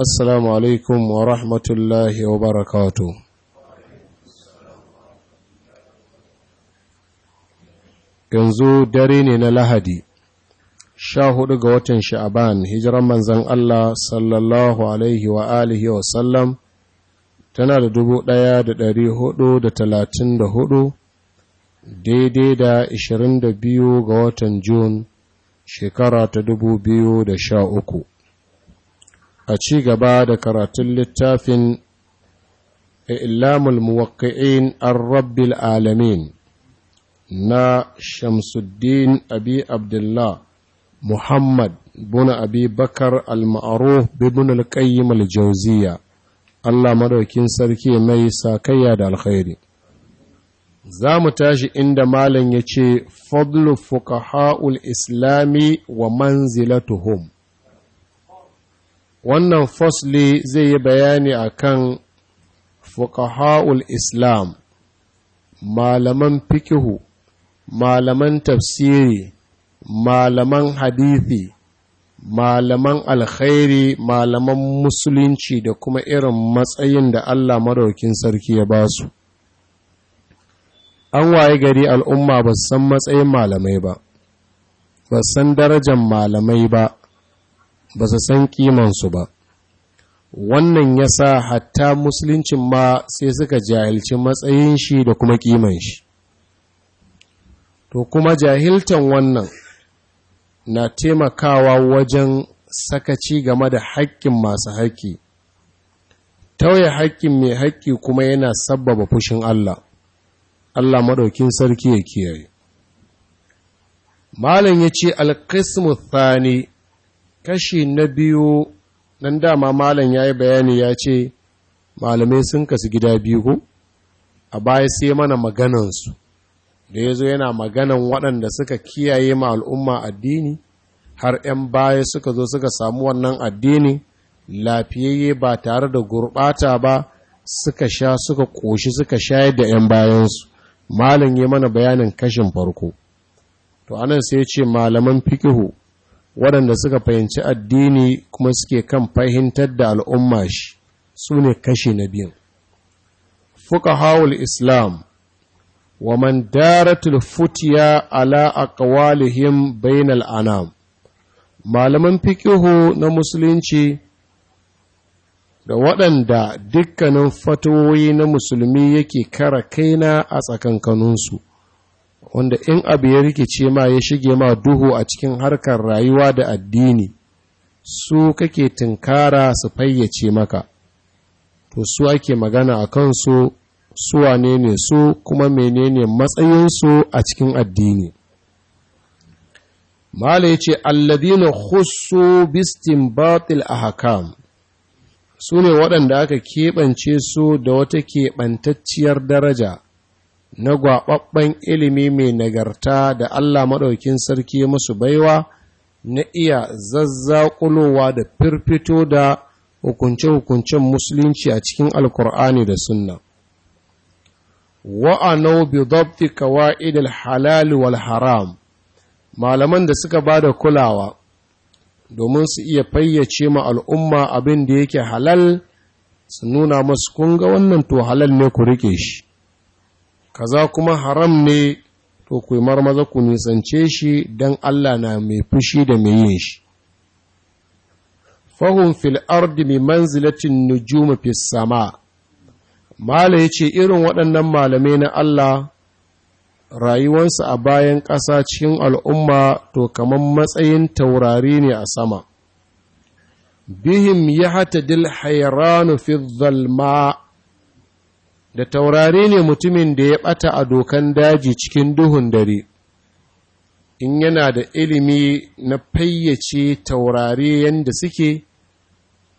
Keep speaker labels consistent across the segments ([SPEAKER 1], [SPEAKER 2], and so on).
[SPEAKER 1] assalamu alaikum wa rahmatullahi wa barakatu yanzu dare ne na lahadi sha hudu ga watan sha'aban hijiran manzan Allah sallallahu alaihi wa alihi wa sallam tana da dubu daya da dari hudu da talatin da hudu daidai da ishirin da biyu ga watan jun shekara ta dubu biyu da sha uku a ci gaba da karatun littafin ilamul muwakki'in an rabbil alamin na shamsuddin abi abdullah muhammad bin abi bakar al-ma'aruf bin al-qayyim Allah madaukin sarki mai sakayya da alkhairi za mu tashi inda malam ya ce fadlu fuqaha'ul islami wa manzilatuhum wannan fosli zai yi bayani akan kan islam malaman fikihu malaman tafsiri malaman hadithi malaman alkhairi malaman musulunci da kuma irin matsayin da Allah madaukin sarki ya ba su an waye gari al'umma ba san matsayin malamai ba ba san darajar malamai ba ba su san kimansu ba wannan ya sa hatta musuluncin ma sai suka jahilci matsayin shi da kuma kiman shi to kuma jahiltan wannan na taimakawa wajen sakaci game da haƙƙin masu haƙƙi tauye haƙƙin mai haƙƙi kuma yana sabbaba fushin Allah Allah maɗaukin sarki ya kiyaye Malam ya ce alƙismu thani kashi na biyu nan dama malam ya yi bayani ya ce malamai sun kasu gida biyu ko a baya sai mana maganansu da ya zo yana maganan waɗanda suka kiyaye ma al'umma addini har ‘yan baya suka zo suka samu wannan addini lafiyayye ba tare da gurɓata ba suka sha suka ƙoshi suka shayar da ‘yan bayansu malam ya mana bayanin kashin farko to anan sai ce malaman fikihu waɗanda suka fahimci addini kuma suke kan fahimtar da al'umma shi su ne kashi na biyu fuka hawul islam wa man daratul futiya ala aqwalihim bainal ana. malaman fikihu na musulunci da waɗanda dukkanin fatoyi na musulmi yake kara kaina a tsakankaninsu wanda in abu ya rikice ma ya shige ma duhu a cikin harkar rayuwa da addini su kake tunkara su fayyace maka to su ake magana a kansu su wane ne su kuma menene matsayinsu a cikin addini mala ya ce alladina khussu bistin batil a su ne waɗanda aka keɓance su da wata keɓantacciyar daraja na gwaɓaɓɓen ilimi mai nagarta da Allah maɗaukin sarki musu baiwa na iya zazzaƙulowa da firfito da hukunce-hukuncen musulunci a cikin alkur'ani da sunna wa'anau bi dabti kawa'idil halal wal haram malaman da suka ba da kulawa domin su iya fayyace ma al'umma abin da yake halal su nuna masu kunga wannan to halal ne ku rike shi kaza kuma haram ne to ku maza ku nisance shi dan Allah na mai fushi da mai yin shi fahun fil ardi bi manzilatin nujuma fi sama mala yace irin waɗannan malamai na Allah rayuwansa a bayan ƙasa cikin al'umma to kamar matsayin taurari ne a sama bihim ya hata dil fi zalma da taurari ne mutumin da ya ɓata a dokan daji cikin duhun dare in yana da ilimi na fayyace taurari yadda suke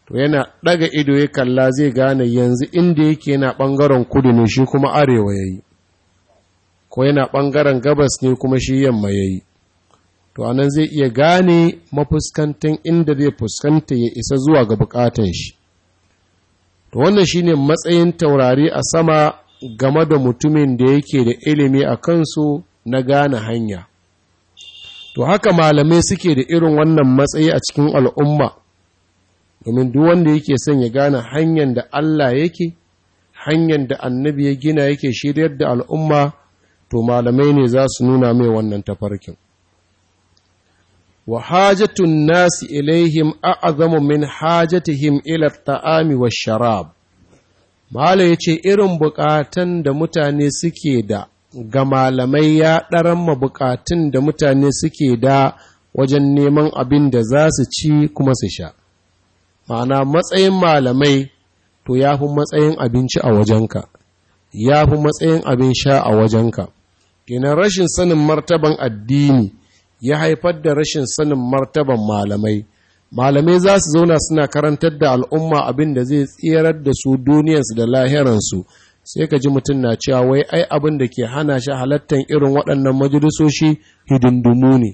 [SPEAKER 1] to yana ɗaga ido ya kalla zai gane yanzu inda yake yana ɓangaren kudu ne shi kuma arewa ya yi ko yana ɓangaren gabas ne kuma shi yamma ya yi to anan zai iya gane mafuskantan inda zai fuskanta ya isa zuwa ga bukatan shi to wannan shine matsayin taurari a sama game da mutumin da yake da ilimi a kansu na gane hanya to haka malamai suke da irin wannan matsayi a cikin al'umma domin duk wanda yake son ya gane hanyar da Allah yake hanyar da annabi ya gina yake shiryar da al'umma to malamai ne za su nuna mai wannan tafarkin wa hajatun nasi ilaihim a'azamu min hajatihim ila ta'ami wa sharab Mala ya ce irin bukatan da mutane suke da ga malamai ya ɗaran ma bukatun da mutane suke da wajen neman abin da za su ci kuma su sha. Ma'ana matsayin malamai to ya fi matsayin abinci a wajenka, ya fi matsayin abin sha a wajenka. Ginin rashin sanin martaban addini ya haifar da rashin sanin martaban malamai malamai za su zauna suna karantar da al'umma abin da zai tsirar da su duniyarsu da lahiransu sai ka ji mutum na cewa wai ai abin da ke hana shi halattar irin waɗannan majalisoshi hidindumu ne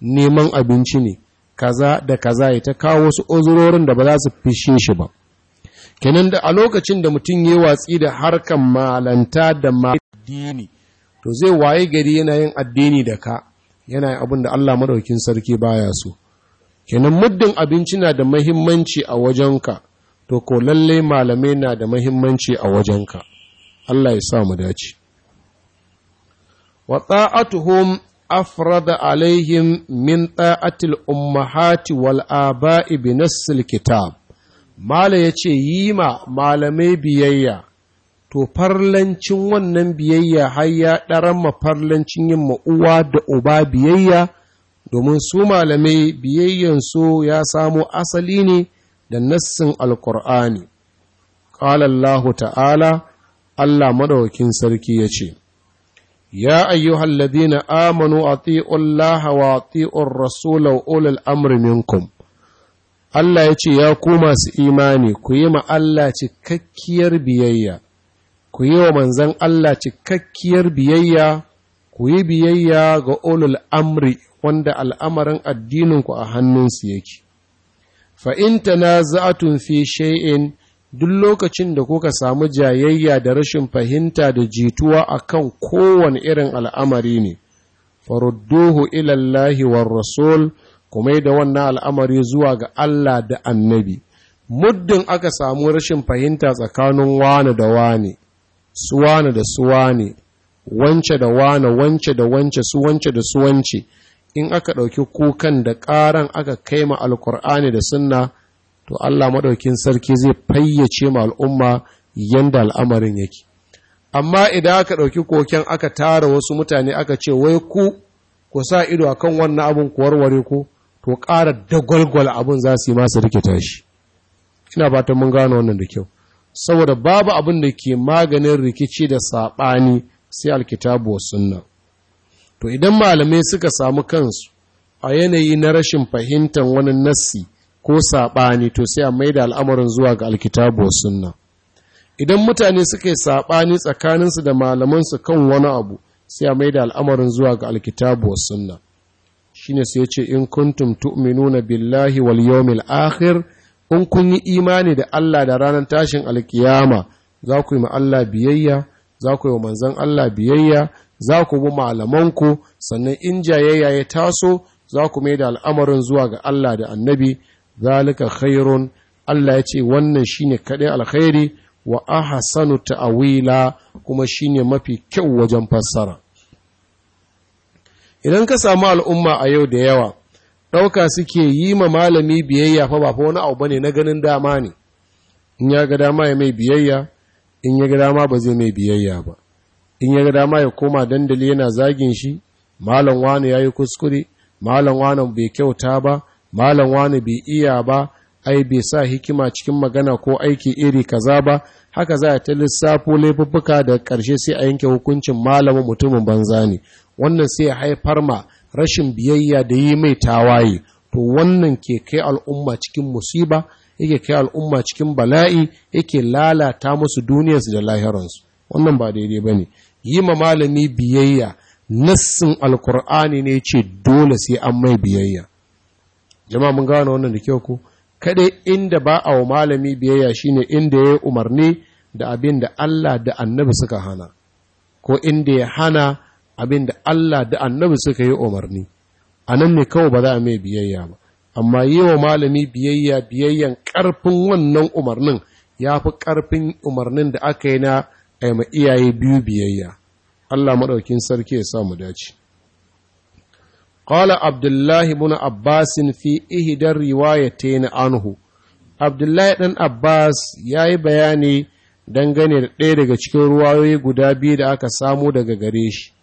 [SPEAKER 1] neman abinci ne kaza da kaza ya ta kawo wasu ozurorin da ba za su fishe shi ba kenan da a lokacin da mutum ya watsi da harkan malanta da addini to zai waye gari yana yin addini da ka yana abin da Allah maɗaukin sarki baya so kenan muddin abinci na da mahimmanci a wajenka to ko lallai malamai na da mahimmanci a wajenka Allah ya sa mu dace wa ta'atuhum afrada alaihim min ta'atil ummahati wal aba'i bi nassil kitab mala yace yi ma malamai biyayya to farlancin wannan biyayya har ya ɗaran farlancin yin ma'uwa da uba biyayya domin su malamai biyayyansu ya samo asali ne da nassin alkur'ani ƙalallahu ta'ala allah madawakin sarki ya ce ya ayyuhal ladina amanu a laha wa ti'un rasula ulul amri minkum Allah ya ce ya ku masu imani ku yi ma Allah cikakkiyar biyayya ku yi wa manzan Allah cikakkiyar biyayya ku yi biyayya ga ulul amri wanda al'amarin addininku a hannunsu yake Fa’inta na za'atun fi shay'in duk lokacin da kuka samu jayayya da rashin fahimta da jituwa a kan kowane irin al'amari ne, farudduhu ilallahi war rasul kuma da wannan al'amari zuwa ga Allah da annabi. Muddin aka samu rashin fahimta tsakanin wane da wane, suwane da suwane wance da wane wance da wance su wance da su wance in aka ɗauki kukan da ƙaran aka kai ma alkur'ani da sunna to Allah maɗaukin sarki zai fayyace ma al'umma yanda al'amarin yake amma idan aka ɗauki koken aka tara wasu mutane aka ce wai ku ku sa ido akan wannan abin ku warware ku to ƙara dagwalgwal abin za su yi masu rikita shi ina fatan mun gano wannan da kyau saboda babu abin da ke maganin rikici da saɓani sai alkitabu wa sunna to idan malamai suka samu kansu a yanayi na rashin fahimtar wani nassi ko saɓani to sai a maida al'amarin zuwa ga alkitabu wa sunna idan mutane suka yi saɓani tsakaninsu da malamansu kan wani abu sai a maida al'amarin zuwa ga alkitabu wa sunna shine sai ce in kuntum tu'minuna billahi wal yawmil akhir in kun yi imani da Allah da ranar tashin alkiyama za ku yi ma Allah biyayya za ku yi wa manzan Allah biyayya za ku bi malamanku sannan in jayayya ya taso za ku mai da al'amarin zuwa ga Allah da annabi zalika khairun Allah ya ce wannan shi ne kaɗai alkhairi wa ahsanu ta'awila kuma shi ne mafi kyau wajen fassara idan ka samu al'umma a yau da yawa ɗauka suke yi ma malami biyayya fa ba fa wani abu bane na ganin dama ne in ya ga dama ya mai biyayya in ya ga dama ba zai mai biyayya ba in ya ga dama ya koma dandali yana zagin shi malam wani ya yi kuskure malam wani bai kyauta ba malam wani bai iya ba ai bai sa hikima cikin magana ko aiki iri kaza ba haka za a ta lissafo laifuffuka da ƙarshe sai a yanke hukuncin malamin mutumin banza ne wannan sai haifar ma rashin biyayya da yi mai tawaye to wannan ke kai al'umma cikin musiba yake kai al'umma cikin bala'i yake lalata musu duniyarsu da lahiransu wannan ba daidai ba ne yi ma malami biyayya nassin alkur'ani ne ce dole sai an mai biyayya jama'a mun gane wannan da kyau ko Kaɗai inda ba a wa malami biyayya shine inda ya umarni da abin da Allah da annabi suka hana ko inda ya hana abin da Allah da annabi suka yi umarni a nan ne kawai ba za a mai biyayya ba amma yi wa malami biyayya biyayyan ƙarfin wannan umarnin ya fi ƙarfin umarnin da aka yi na aima iyaye biyu biyayya Allah maɗaukin sarki ya sa mu dace qala abdullahi Muna Abbasin fi ihdar na anhu abdullahi ɗan abbas ya yi bayani dangane da ɗaya daga cikin ruwayoyi guda biyu da aka samu daga gare shi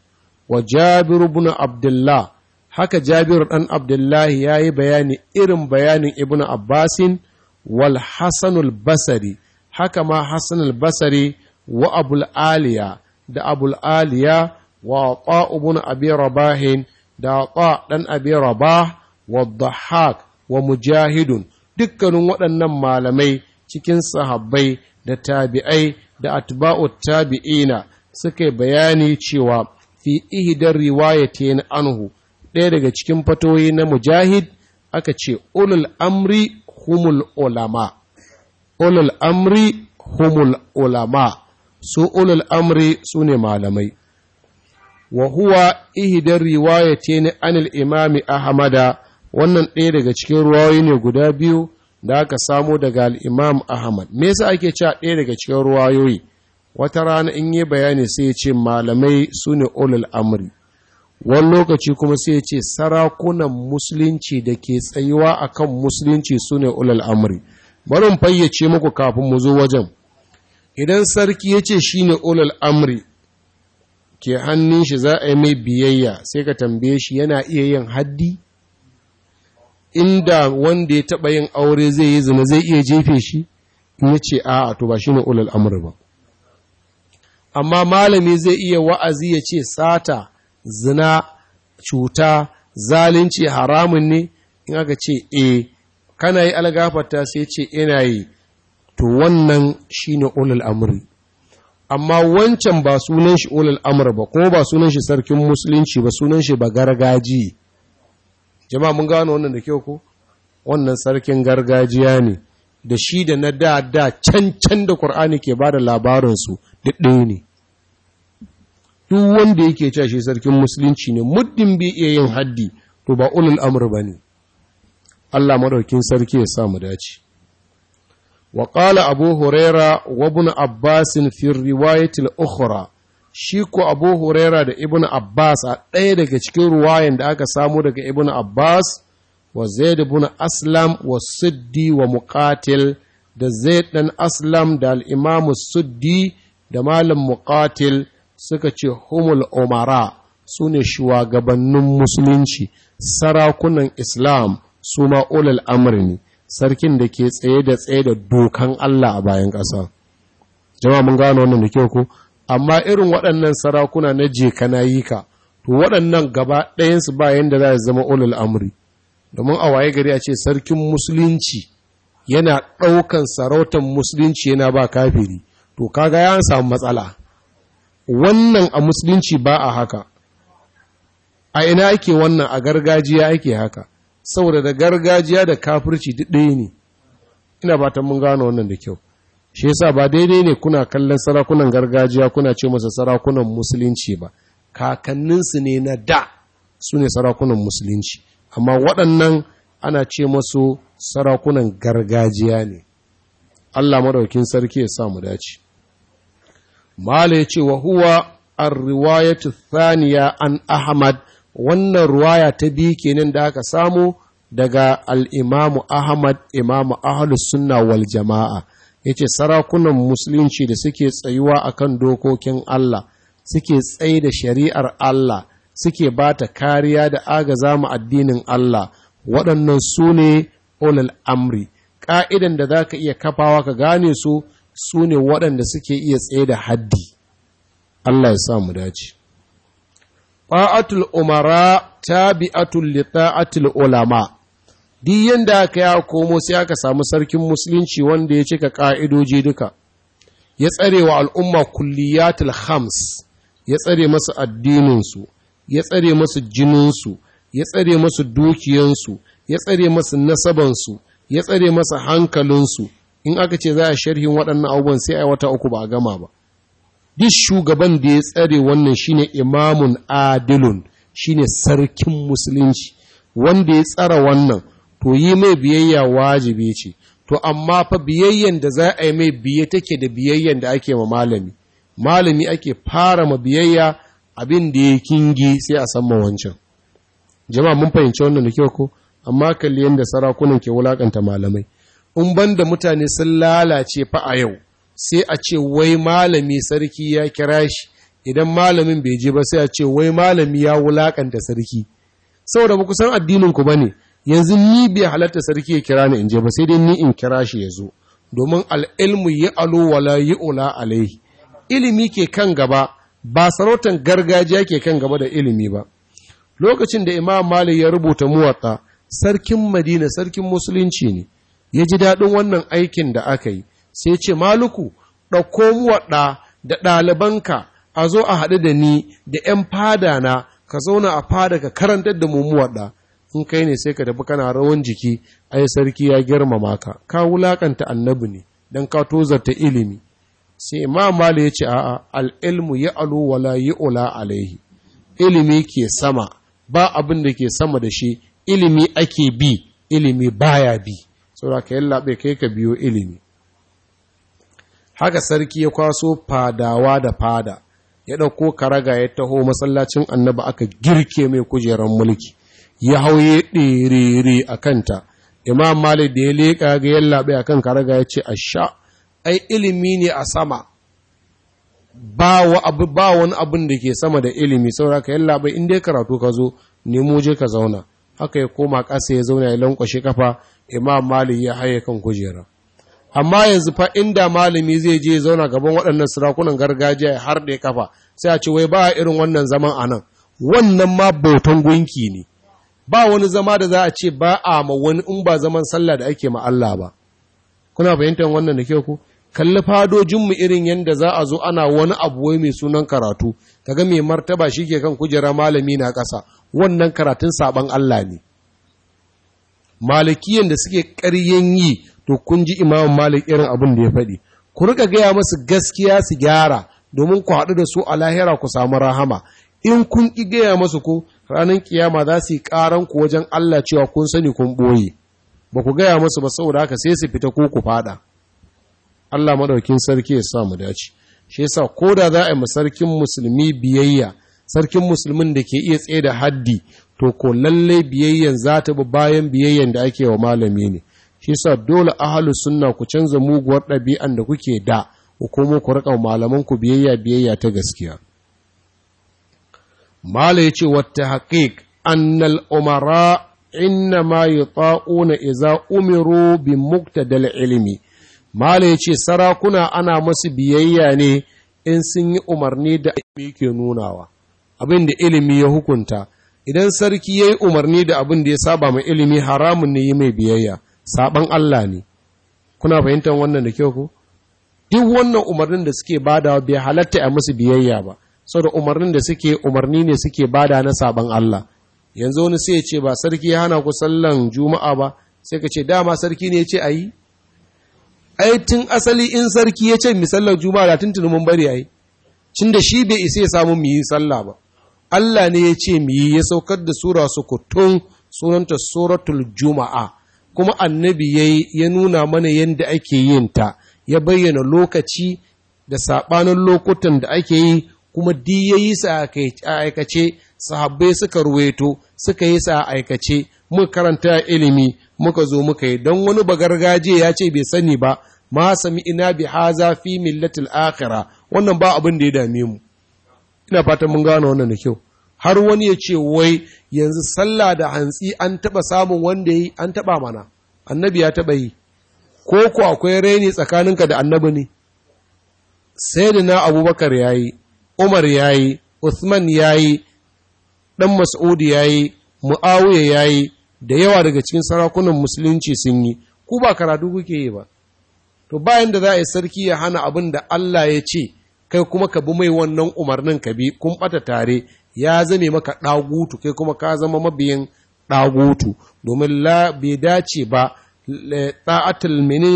[SPEAKER 1] wa jabiru bin abdullah haka jabiru dan abdullahi ya yi bayani irin bayanin ibn abbasin wal hasanul basari haka ma hasanul basari wa abul aliya da abul aliya wa qa ibn abi rabahin da qa dan abi rabah wa dhahak wa mujahidun dukkanin waɗannan malamai cikin sahabbai da tabi'ai da atba'u tabi'ina suka bayani cewa fi ihidar riwayatin anhu ɗaya daga cikin fatoyi na mujahid aka ce ulul amri humul ulama ulul amri humul ulama su ulul amri su ne malamai wa huwa ihidar riwayatin anil imami ahmada wannan ɗaya daga cikin ruwayoyi ne guda biyu da aka samo daga al'imam ahmad me yasa ake cewa ɗaya daga cikin ruwayoyi wata rana in yi bayani sai ya ce malamai su ne olul amri wani lokaci kuma sai ya ce sarakunan musulunci da ke tsayuwa a kan musulunci su ne olul amri barin fayyace muku kafin mu zo wajen idan sarki ya ce shi ne olul amri ke hannun shi za a yi mai biyayya sai ka tambaye shi yana iya yin haddi inda wanda ya taɓa yin aure zai yi zama zai iya jefe shi in ya ce a'a to ba shi ne olul amri ba amma malami zai iya wa'azi ya ce sata zina cuta zalunci haramun ne in aka ce e kana yi algafarta sai ce ina yi to wannan shi ne ulul amri amma wancan ba sunan shi ulul amur ba ko ba sunan shi sarkin musulunci ba sunan shi ba gargaji jama'a mun gano wannan da kyau ko wannan sarkin gargajiya ne da shi da na da da can can da ƙur'ani ke da labarin su duk ne duk wanda yake cewa shi sarkin musulunci ne muddin bi iya yin haddi to ba ulul amr ne. Allah maɗaukin sarki ya sa dace wa ƙala abu huraira wa ibn Abbasin fi riwayatil ukhra shi ko abu huraira da ibn abbas a ɗaya daga cikin ruwayan da aka samu daga ibn abbas wa zaid ibn aslam wa siddi wa muqatil da zaid ɗan aslam da al-imam suddi da malam muqatil suka ce humul umara su ne shugabannin musulunci sarakunan islam su ma'ulal ulal ne sarkin da ke tsaye da tsaye da dokan Allah a bayan ƙasa jama'a mun gano wannan da kyau ku. amma irin waɗannan sarakuna na je na yi ka to waɗannan gaba ɗayansu ba yadda za a zama ulul amri domin a waye gari a ce sarkin musulunci yana ɗaukan sarautar musulunci yana ba kafiri to kaga ya samu matsala wannan a musulunci ba a haka a ina ake wannan a gargajiya ake haka saboda da gargajiya da kafirci duk ɗaya ne ina ba ta mun gano wannan da kyau shi yasa ba daidai ne kuna kallon sarakunan gargajiya kuna ce masa sarakunan musulunci ba kakanninsu ne na da su ne sarakunan musulunci amma waɗannan ana ce masu sarakunan gargajiya ne Allah maɗaukin sarki ya samu dace mala ya ce wa huwa ar-riwayatu thaniya an ahmad wannan ruwaya ta biyu kenan da aka samu daga al-imamu ahmad imamu ahlus sunna wal jama'a yace sarakunan musulunci da suke tsayuwa akan dokokin Allah suke tsaye da shari'ar Allah suke ba ta kariya da agaza mu addinin Allah waɗannan su ne ulul amri ƙa'idan da za ka iya kafawa ka gane su su ne waɗanda suke iya tsaye da haddi Allah ya sa mu dace fa'atul umara tabi'atul li ulama duk yanda aka ya komo sai aka samu sarkin musulunci wanda ya cika ka'idoji duka ya tsare wa al'umma kulliyatul khams ya tsare masu addininsu ya tsare masu jininsu ya tsare masu dukiyansu ya tsare masu nasabansu ya tsare masa hankalinsu in aka ce za a sharhin waɗannan abubuwan sai a wata uku ba a gama ba duk shugaban da ya tsare wannan shine imamun adilun shine sarkin musulunci wanda ya tsara wannan to yi mai biyayya wajibi ce to amma fa biyayyan da za a yi mai biye take da biyayyan da ake ma malami malami ake fara ma biyayya abin da ya kingi sai a san ma wancan jama'a mun fahimci wannan da kyau ko amma kalli yadda sarakunan ke wulakanta malamai in banda mutane sun lalace fa a yau sai a ce wai malami sarki ya kira shi idan malamin bai je ba sai a ce wai malami ya wulakanta sarki saboda ba kusan addinin ku ne, yanzu ni bai halatta sarki ya kira ni in je ba sai dai ni in kira shi ya zo domin al'ilmu yi alo wala yi ula alaihi ilimi ke kan gaba ba sarautan gargajiya ke kan gaba da ilimi ba lokacin da imam malik ya rubuta muwatta sarkin madina sarkin musulunci ne ya ji daɗin wannan aikin da aka yi sai ce maluku ɗauko mu waɗa da ɗalibanka a zo a haɗu da ni da ‘yan fada na ka zauna a fada ka karantar da mu waɗa in kai ne sai ka tafi kana rawan jiki ai sarki ya girmama ka ka wulakanta annabi ne don ka tozarta ilimi sai imam mali ya ce a'a al'ilmu ya alu wala ya ula alaihi ilimi ke sama ba abin da ke sama da shi ilimi ake bi ilimi baya bi saboda ka yallaɓe kai ka biyo ilimi haka sarki ya kwaso fadawa da fada ya ɗauko karaga ya taho masallacin annaba aka girke mai kujerar mulki ya hauye ɗerere a kanta imam malik da ya leƙa ga yallaɓe a kan karaga ya ce a sha ai ilimi ne a sama ba wani abin da ke sama da ilimi sauraka yallaɓe in dai karatu ka zo nemo je ka zauna haka ya koma ƙasa ya zauna ya lankwashe kafa imam malik ya haye kan kujera amma yanzu fa inda malami zai je zauna gaban waɗannan sarakunan gargajiya har da kafa sai a ce wai ba irin wannan zaman a nan wannan ma bautan gunki ne ba wani zama da za a ce ba a ma wani in ba zaman sallah da ake ma Allah ba kuna fahimtar wannan da ke ku kalli fadojinmu irin yadda za a zo ana wani abu wai mai sunan karatu kaga mai martaba shi ke kan kujera malami na ƙasa wannan karatun saban Allah ne malikiyan da suke ƙaryen yi to kun ji imamu malik irin abin da ya faɗi ku riƙa gaya masu gaskiya su gyara domin ku haɗu da su a lahira ku samu rahama in kun ƙi gaya masu ku, ranar ƙiyama za su yi ƙaran ku wajen Allah cewa kun sani kun ɓoye ba ku gaya masu ba saboda haka sai su fita ko ku faɗa Allah madaukin sarki ya sa mu dace shi yasa ko da za a yi sarkin musulmi biyayya sarkin musulmin da ke iya tsaye da haddi to ko lallai biyayyen za ta bi bayan biyayyen da ake wa malami ne shi sa dole ahalus sunna ku canza muguwar ɗabi'an da kuke da ku komo ku riƙa malaman ku biyayya biyayya ta gaskiya mala yace wata haqiq annal umara innama yuta'una idza umiru bi muqtadal ilmi mala yace sarakuna ana masu biyayya ne in sun yi umarni da ake nunawa abin da ilimi ya hukunta idan sarki ya yi umarni da abin da ya saba mai ilimi haramun ne yi mai biyayya saban Allah ne kuna fahimtar wannan da kyau ku duk wannan umarnin da suke bada bai halatta a musu biyayya ba sau da umarnin da suke umarni ne suke bada na saban Allah yanzu wani sai ya ce ba sarki ya hana ku sallan juma'a ba sai ka ce dama sarki ne ya ce a ayi ai tun asali in sarki ya ce mi sallar juma'a da tuntunumin mun bari yi? cin da shi bai isa ya samu mu yi sallah ba Allah ne ya ce mu yi ya saukar da sura sukutun sunanta suratul juma'a kuma annabi yayi ya nuna mana yadda ake yin ta ya bayyana lokaci da saɓanin lokutan da ake yi kuma di ya yi sa a aikace sahabbai suka ruweto suka yi sa a aikace muka karanta ilimi muka zo muka yi don wani bagargaje ya ce bai sani ba ma sami ina bi haza fi millatil akhira wannan ba abin da ya dame mu ina fatan mun gano wannan da kyau har wani ya ce wai yanzu sallah da hantsi an taba samun wanda yi an taba mana annabi ya taba yi ko ku akwai raini tsakaninka da annabi ne sai da na abubakar ya yi umar ya yi usman ya yi ɗan mas'udi ya yi mu'awiya ya yi da yawa daga cikin sarakunan musulunci sun yi ku ba karatu kuke yi ba to bayan da za a yi sarki ya hana abin da allah ya ce kai kuma ka bi mai wannan umarnin ka bi kun bata tare ya zame maka ɗagutu kai kuma ka zama mabiyin ɗagutu domin la bai dace ba ta'atul mini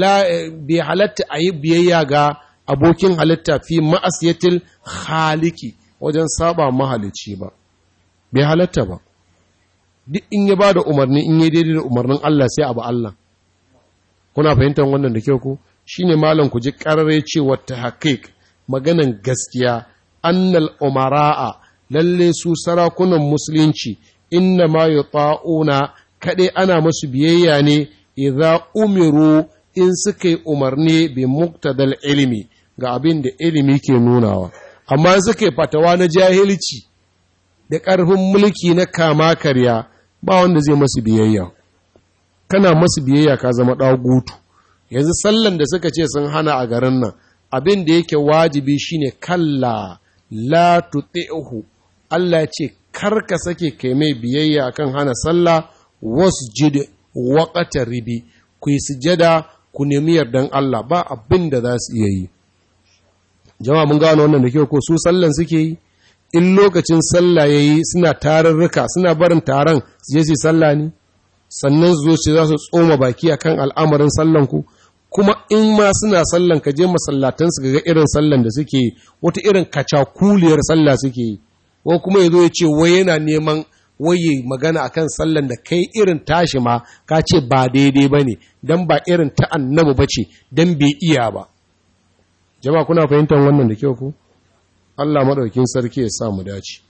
[SPEAKER 1] la eh, bai halatta a yi biyayya ga abokin halitta fi ma'asiyatil haliki wajen saba mahalici ba bai halatta ba duk in ya ba da umarni in yi daidai da umarnin Allah sai abu Allah kuna fahimtar wannan da kyau ko shine malam ku ji karare cewa ta haƙiƙ maganan gaskiya annal umara'a lalle su sarakunan musulunci inna ma ta'una kaɗai ana masu biyayya ne idza umiru in suka yi umarni bi muktadal ilimi ga abin da ilimi ke nunawa amma suka yi fatawa na jahilci da ƙarfin mulki na kama karya ba wanda zai masu biyayya kana masu biyayya ka zama ɗagutu yanzu sallan da suka ce sun hana a garin nan abin da yake wajibi shine kalla la tuti'hu Allah ce karka sake kai mai biyayya akan hana sallah wasjud wakatar ribi ku yi sujada ku nemi yardan Allah ba abin da za su iya yi jama'a mun gano wannan da kyau ko su sallan suke yi in lokacin sallah yayi suna tarurruka suna barin taron su je su sallah ne sannan su za su tsoma baki akan al'amarin sallan ku kuma in ma suna sallan ka je masallatansu ga irin sallan da suke wata irin kacakuliyar sallah suke yi ko kuma ya zo ya ce wai yana neman waye magana akan sallan da kai irin tashi ma ka ce ba daidai ba ne don ba irin ta annabi ba ce don bai iya ba jama'a kuna fahimtar wannan da kyau ku Allah maɗaukin sarki ya sa mu dace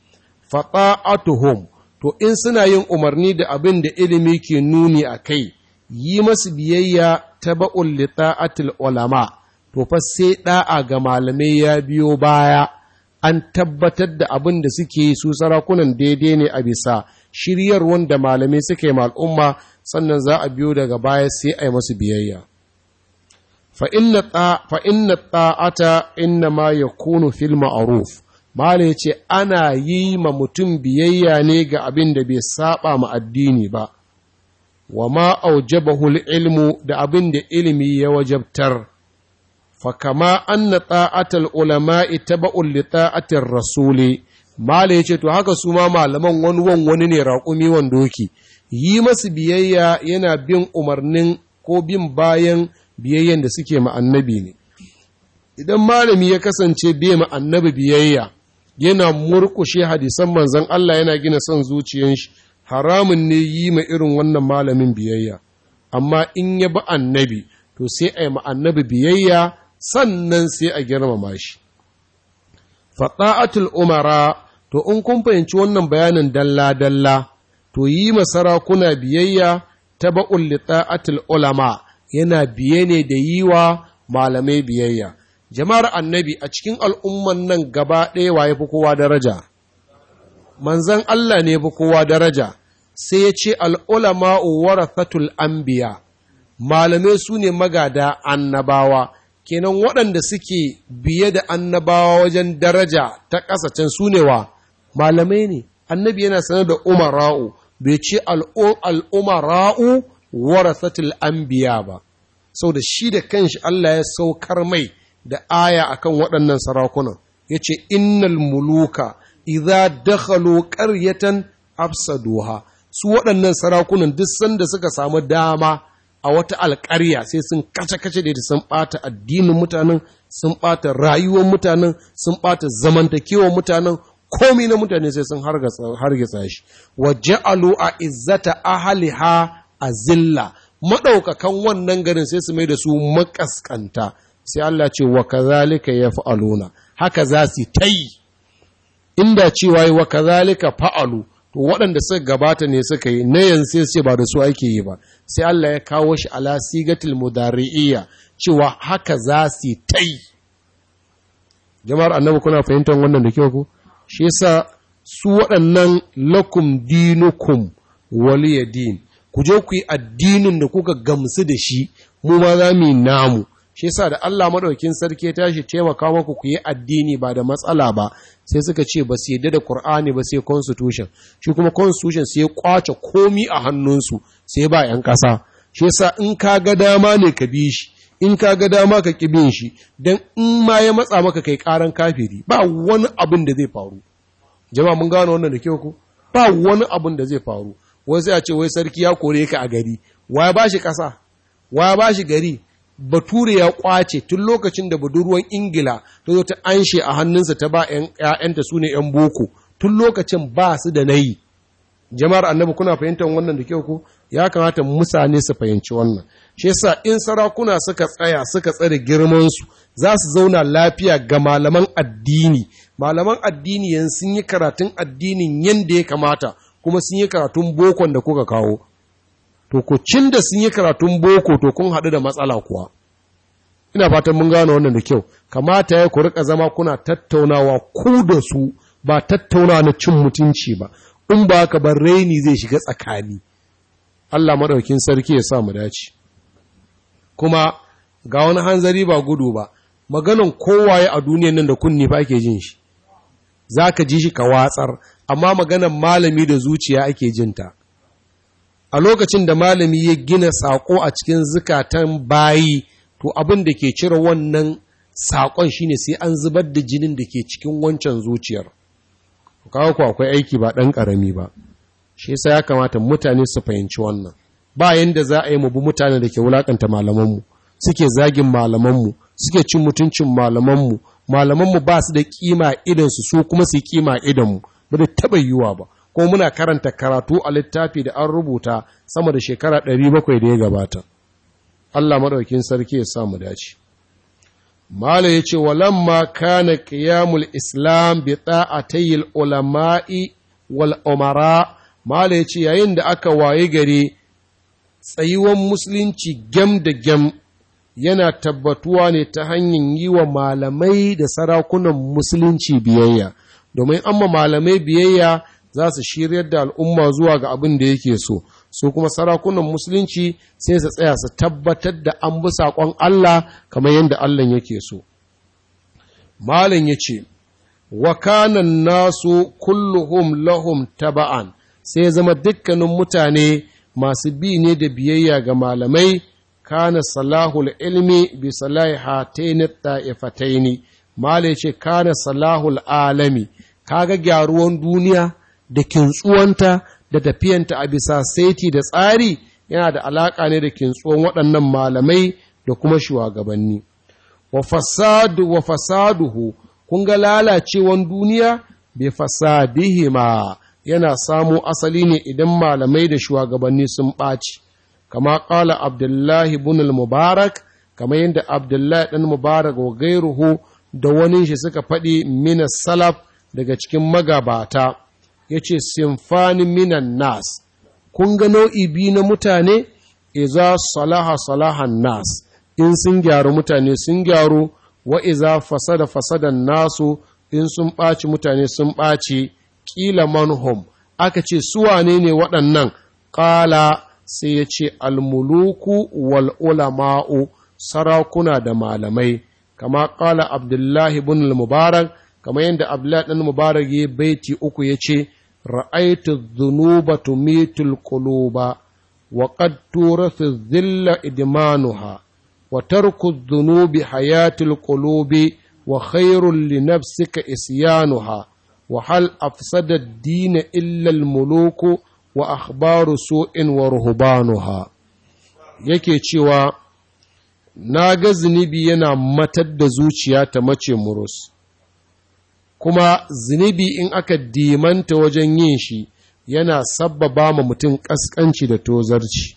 [SPEAKER 1] home to in suna yin umarni da abin da ilimi ke nuni a kai yi masu biyayya taba'un li ta'atil ulama to fa sai da'a ga malamai ya biyo baya an tabbatar da abin da suke su sarakunan daidai ne a bisa shiryar wanda malamai suke mal'umma al'umma sannan za a biyo daga baya sai a yi masu biyayya fa inna ta'ata inna ma yakunu fil ma'ruf Mala ya ce, Ana yi ma mutum biyayya ne ga abin da bai saba ma addini ba, wa ma aujabahul ilmu da abin da ilimi ya wajabtar fa kama anna ta'atul ulama'i taba'un li ta'atir rasuli mala yace to haka su ma malaman wani wan wani ne raƙumi wan doki yi masu biyayya yana bin umarnin ko bin bayan biyayyan da suke ma annabi ne idan malami ya kasance bai ma annabi biyayya yana murkushe hadisan manzon Allah yana gina son zuciyar shi haramun ne yi ma irin wannan malamin biyayya amma in ya bi annabi to sai a yi ma annabi biyayya sannan sai a girmama shi fata'atul umara to in kun fahimci wannan bayanin dalla-dalla to yi ma sarakuna biyayya ta ba'ul lita'atul ulama yana biye ne da yi wa malamai biyayya jama'ar annabi a cikin al'umman nan gaba ɗaya ya fi kowa daraja manzan Allah ne bi kowa daraja sai ya ce al'ulama'u warathatul anbiya malamai su ne magada annabawa kenan waɗanda suke biye da annabawa wajen daraja ta ƙasashen sunewa. ne malamai ne annabi yana sanar da umara'u bai ce al'umara'u warathatul anbiya ba sau da shi da kanshi Allah ya saukar mai da aya akan waɗannan sarakunan ya ce innal muluka idza dakhalu qaryatan afsaduha su waɗannan sarakunan duk sanda suka samu dama a wata alƙarya sai sun kace-kace da sun ɓata addinin mutanen sun ɓata rayuwar mutanen sun ɓata zamantakewar mutanen komi na mutane sai sun hargitsa shi wa ja'alu a izzata ahliha azilla maɗaukakan wannan garin sai su mai da su makaskanta sai Allah ce wa kazalika yaf'aluna haka za su yi inda cewa yi wa kazalika fa'alu to waɗanda suka gabata ne suka yi na yanzu sai ba da su ake yi ba sai Allah ya kawo shi ala sigatil mudari'iyya cewa haka za su yi tai jama'ar annabi kuna fahimtar wannan da kyau ku shi yasa su waɗannan lakum dinukum waliyadin ku je ku yi addinin da kuka gamsu da shi mu ma za mu yi namu shi sa da Allah madaukin sarki ya tashi taimaka maku ku yi addini ba da matsala ba sai suka ce ba su yi da Qur'ani ba sai constitution shi kuma constitution sai ya kwace komi a hannunsu sai ba yan kasa shi yasa in ka ga dama ne ka bi shi in ka ga dama ka kibin shi dan in ma ya matsa maka kai karan kafiri ba wani abin da zai faru jama'a mun gano wannan da kyau ko ba wani abin da zai faru wai sai a ce wai sarki ya kore ka a gari wa ba shi kasa wa ba shi gari bature ya kwace tun lokacin da budurwan ingila ta zo ta anshe a hannunsa ta ba 'ya'yanta su ne 'yan boko tun lokacin ba su da nayi jama'ar annabi kuna fahimtar wannan da kyau ku ya kamata mutane su fahimci wannan shi yasa in sarakuna suka tsaya suka tsare girmansu za su zauna lafiya ga malaman addini malaman addini yanzu sun yi karatun addinin yanda ya kamata kuma sun yi karatun bokon da kuka kawo to ku cin da sun yi karatun boko to kun haɗu da matsala kuwa ina fatan mun gano wannan da kyau kamata ya ku rika zama kuna tattaunawa ku da su ba tattauna na cin mutunci ba in ba ka bar raini zai shiga tsakani Allah maɗaukin sarki ya sa mu dace kuma ga wani hanzari ba gudu ba maganan kowaye a duniyan nan da kunni ba ake jin shi za ka ji shi ka watsar amma maganan malami da zuciya ake jinta a lokacin da malami ya gina saƙo a cikin zukatan bayi to abin da ke cire wannan saƙon shine sai an zubar da jinin da ke cikin wancan zuciyar kawo ku akwai aiki ba ɗan ƙarami ba shi yasa ya kamata mutane su fahimci wannan ba yadda za a yi mu mutane da ke wulaƙanta malamanmu suke zagin malamanmu suke cin mutuncin malamanmu malamanmu ba su da kima idansu su kuma su kima idanmu ba da taɓa yiwuwa ba ko muna karanta karatu a littafi da an rubuta sama da shekara 700 da ya gabata Allah madaukin sarki ya samu dace mala yace walamma kana qiyamul islam bi ta'atayil ulama'i wal umara mala yace yayin da aka waye gari tsayuwan musulunci gem da gem yana tabbatuwa ne ta hanyar yi wa malamai da sarakunan musulunci biyayya domin amma malamai biyayya za su shiryar da al'umma zuwa ga abin da yake so su kuma sarakunan musulunci sai su tsaya su tabbatar da an bi saƙon Allah kamar yadda Allah yake so malam ya ce wa kanan nasu kulluhum lahum taba'an sai zama dukkanin mutane masu bi ne da biyayya ga malamai kana salahul ilmi bi salahi hataini ta'ifataini ce kana salahul alami kaga gyaruwan duniya da kintsuwanta da tafiyanta a bisa saiti da tsari yana da alaƙa ne da kintsuwan waɗannan malamai da kuma shugabanni wa fasadu fasaduhu kun ga lalacewan duniya fasadihi fasadihima yana samo asali ne idan malamai da shugabanni sun ɓaci kama ƙala abdullahi ibn mubarak kama yadda abdullahi ɗan mubarak wa gairuhu da wani shi suka faɗi mina salaf daga cikin magabata ya ce simfani minan nas kun ga nau'i biyu na mutane iza salaha salahan nas in sun gyaru mutane sun gyaru wa iza fasada fasadan nasu in sun ɓaci mutane sun ɓaci ƙila manhum aka ce suwane ne waɗannan ƙala sai ya ce almuluku wal ulama'u sarakuna da malamai kama ƙala abdullahi bin mubarak kama yadda abdullahi ɗan mubarak ya baiti uku ya ce ra'aitu dhunuba tumitul ƙuluba wa qad turathu dhilla idmanuha wa tarku dhunubi hayatul qulubi wa khairul li nafsika isyanuha wa hal afsada ad-din muluku wa akhbaru su'in wa ruhbanuha yake cewa na ga zunubi yana matar da zuciya ta mace murus kuma zunubi in aka dimanta wajen yin shi yana sabbaba ma mutum ƙasƙanci da tozarci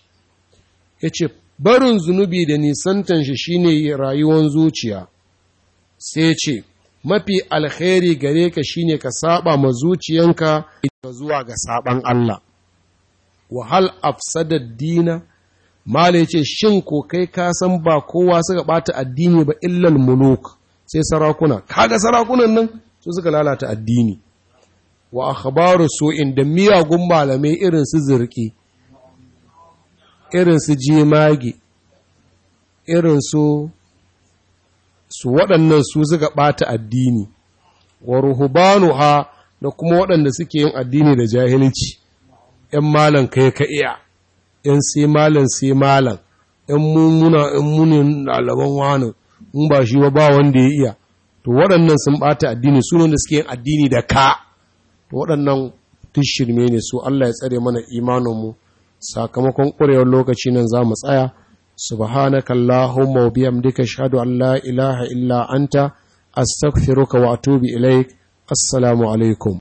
[SPEAKER 1] ya ce barin zunubi da nisantan shi shine rayuwar zuciya sai ce mafi alkhairi gare ka shine ka saba ma zuciyanka ka zuwa ga saban Allah wahal afsada dina mala yace shin ko kai ka san ba kowa suka bata addini ba illal muluk sai sarakuna kaga sarakunan nan su suka lalata addini wa habaru su, inda miyagun malamai irin su zirki irin su jimage irin su su waɗannan su suka ɓata addini wa ha, da kuma waɗanda suke yin addini da jahilci ‘yan malan kai ka iya ‘yan sai malan sai malan ‘yan mummuna ‘yan munin ɗaliban wani in ba shi ba ba wanda ya iya to waɗannan sun ɓata addini su ne suke yin addini da ka to waɗannan tushirme ne su Allah ya tsare mana imaninmu sakamakon ƙwarewar lokaci nan za mu tsaya subhanaka allahumma wa bihamdika ashhadu an la ilaha illa anta astaghfiruka wa atubu ilaik assalamu alaikum